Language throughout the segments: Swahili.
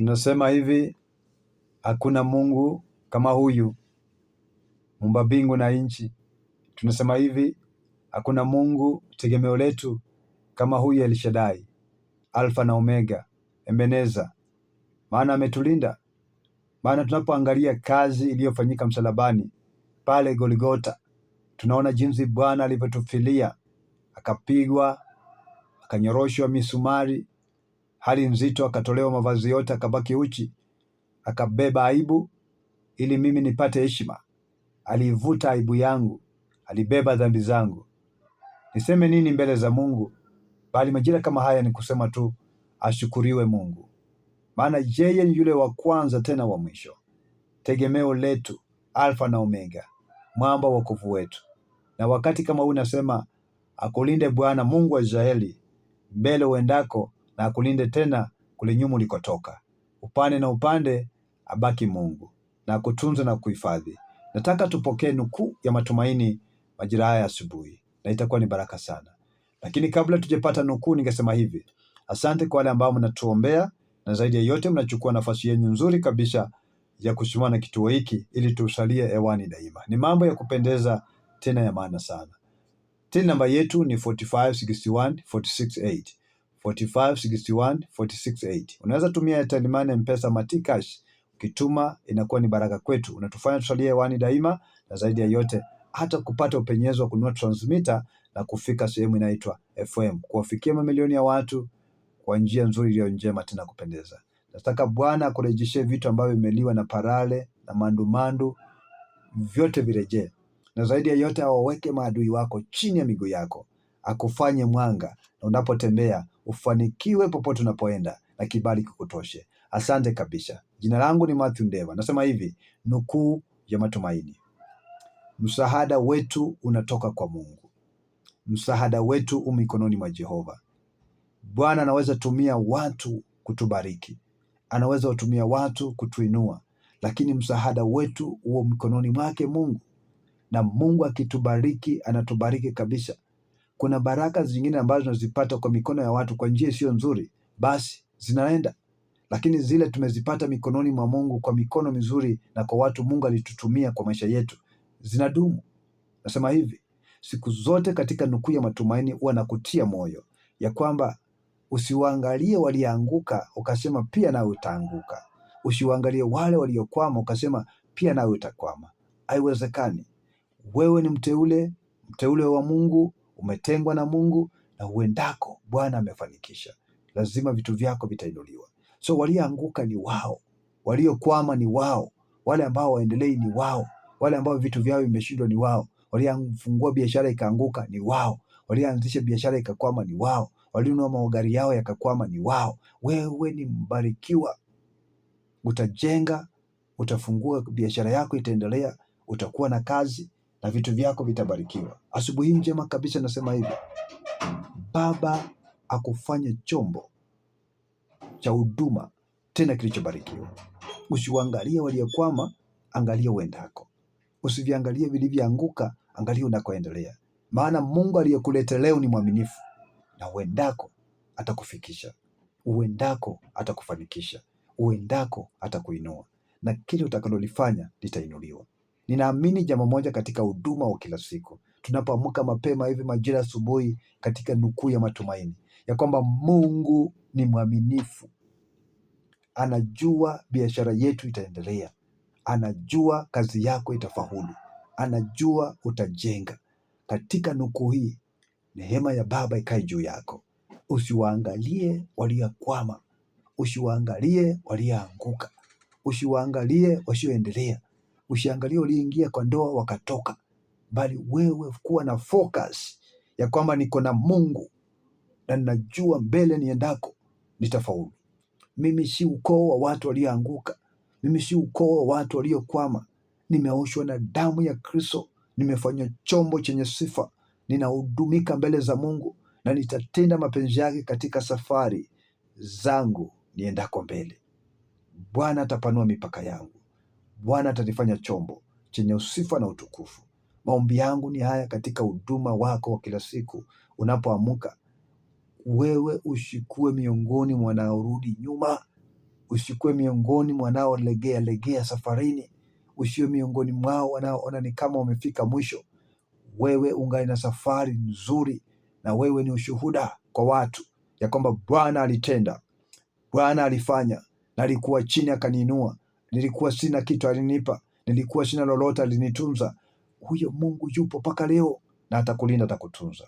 tunasema hivi, hakuna Mungu kama huyu mumba mbingu na nchi. Tunasema hivi, hakuna Mungu tegemeo letu kama huyu El Shaddai, Alfa na Omega, Ebeneza, maana ametulinda. Maana tunapoangalia kazi iliyofanyika msalabani pale Golgota, tunaona jinsi Bwana alivyotufilia, akapigwa, akanyoroshwa misumari, hali nzito, akatolewa mavazi yote, akabaki uchi, akabeba aibu ili mimi nipate heshima. Aliivuta aibu yangu, alibeba dhambi zangu. Niseme nini mbele za Mungu? Bali majira kama haya ni kusema tu ashukuriwe Mungu, maana yeye ni yule wa kwanza tena wa mwisho, tegemeo letu, Alfa na Omega, mwamba wa wokovu wetu. Na wakati kama huu nasema akulinde Bwana Mungu wa Israeli mbele uendako na akulinde tena kule nyuma ulikotoka. Upande na upande abaki Mungu na akutunze na kuhifadhi. Nataka tupokee nukuu ya matumaini majira haya asubuhi, na itakuwa ni baraka sana. Lakini kabla tujapata nukuu, ningesema hivi: asante kwa wale ambao mnatuombea na zaidi ya yote mnachukua nafasi yenu nzuri kabisa ya kusimama na kituo hiki ili tusalie hewani daima. Ni mambo ya kupendeza tena ya maana sana. Tena namba yetu ni 4561468 45 Unaweza tumia Airtel Money, Mpesa, Mati Cash. Ukituma inakuwa ni baraka kwetu, unatufanya tusalie wani daima, na zaidi ya yote hata kupata upenyezo wa kununua transmitter na kufika sehemu inaitwa FM kuwafikia mamilioni ya watu kwa njia nzuri iliyo njema tena kupendeza. Nataka Bwana akurejeshee vitu ambavyo vimeliwa na parale na mandumandu, vyote virejee, na zaidi ya yote awaweke maadui wako chini ya miguu yako akufanye mwanga, na unapotembea ufanikiwe popote unapoenda, na kibali kikutoshe Asante kabisa. Jina langu ni Mathew Ndeva, nasema hivi, nukuu ya matumaini, msaada wetu unatoka kwa Mungu, msaada wetu u mikononi mwa Jehova. Bwana anaweza tumia watu kutubariki, anaweza kutumia watu kutuinua, lakini msaada wetu huo mkononi mwake Mungu, na Mungu akitubariki anatubariki kabisa kuna baraka zingine ambazo tunazipata kwa mikono ya watu kwa njia isiyo nzuri, basi zinaenda, lakini zile tumezipata mikononi mwa Mungu kwa mikono mizuri na kwa watu Mungu alitutumia kwa maisha yetu zinadumu. Nasema hivi siku zote katika nukuu ya matumaini huwa nakutia moyo ya kwamba usiwaangalie walianguka ukasema pia nawe utaanguka, usiwaangalie wale waliokwama ukasema pia nawe utakwama. Haiwezekani. Wewe ni mteule, mteule wa Mungu, umetengwa na Mungu na uendako Bwana amefanikisha. Lazima vitu vyako vitainuliwa. So walioanguka ni wao, waliokwama ni wao, wale ambao waendelei ni wao, wale ambao vitu vyao vimeshindwa ni wao, waliofungua biashara ikaanguka ni wao, walioanzisha biashara ikakwama ni wao, walionunua magari yao yakakwama ni wao. Wewe ni mbarikiwa, utajenga, utafungua biashara yako, itaendelea, utakuwa na kazi na vitu vyako vitabarikiwa. Asubuhi njema kabisa, nasema hivi, Baba akufanye chombo cha huduma tena kilichobarikiwa. Usiwaangalie waliokwama, angalia uendako. Usiviangalie vilivyoanguka, angalia unakoendelea, maana Mungu aliyekuleta leo ni mwaminifu, na uendako atakufikisha, uendako atakufanikisha, uendako atakuinua, na kile utakalolifanya litainuliwa. Ninaamini jambo moja katika huduma wa kila siku, tunapoamka mapema hivi majira asubuhi, katika nukuu ya matumaini ya kwamba Mungu ni mwaminifu, anajua biashara yetu itaendelea, anajua kazi yako itafaulu, anajua utajenga. Katika nukuu hii, neema ya Baba ikae juu yako. Usiwaangalie waliokwama, usiwaangalie walioanguka, usiwaangalie wasioendelea usiangalie uliingia kwa ndoa wakatoka, bali wewe kuwa na focus ya kwamba niko na Mungu na ninajua mbele niendako nitafaulu. Mimi si ukoo wa watu walioanguka, mimi si ukoo wa watu waliokwama. Nimeoshwa na damu ya Kristo, nimefanywa chombo chenye sifa, ninahudumika mbele za Mungu na nitatenda mapenzi yake katika safari zangu niendako mbele. Bwana atapanua mipaka yangu. Bwana atalifanya chombo chenye usifa na utukufu. Maombi yangu ni haya katika huduma wako wa kila siku, unapoamka wewe ushikue miongoni mwa wanaorudi nyuma, ushikue miongoni mwa wanaolegea legea safarini, usiwe miongoni mwao wanaoona ni kama wamefika mwisho. Wewe ungali na safari nzuri, na wewe ni ushuhuda kwa watu ya kwamba Bwana alitenda, Bwana alifanya, na alikuwa chini akaniinua nilikuwa sina kitu alinipa, nilikuwa sina lolote alinitunza. Huyo Mungu yupo mpaka leo na atakulinda, atakutunza.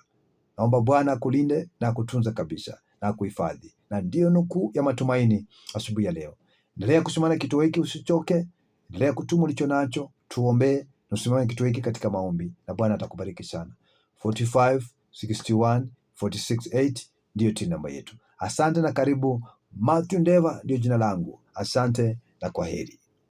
Naomba Bwana akulinde na akutunze kabisa na akuhifadhi, na ndiyo nukuu ya matumaini asubuhi ya leo. Endelea kusimama kitu hiki, usichoke, endelea kutuma ulicho nacho, tuombee usimame kitu hiki katika maombi na Bwana atakubariki sana. 45 61 468 ndiyo tini namba yetu. Asante na karibu. Mathew Ndeva ndiyo jina langu. Asante. da correria.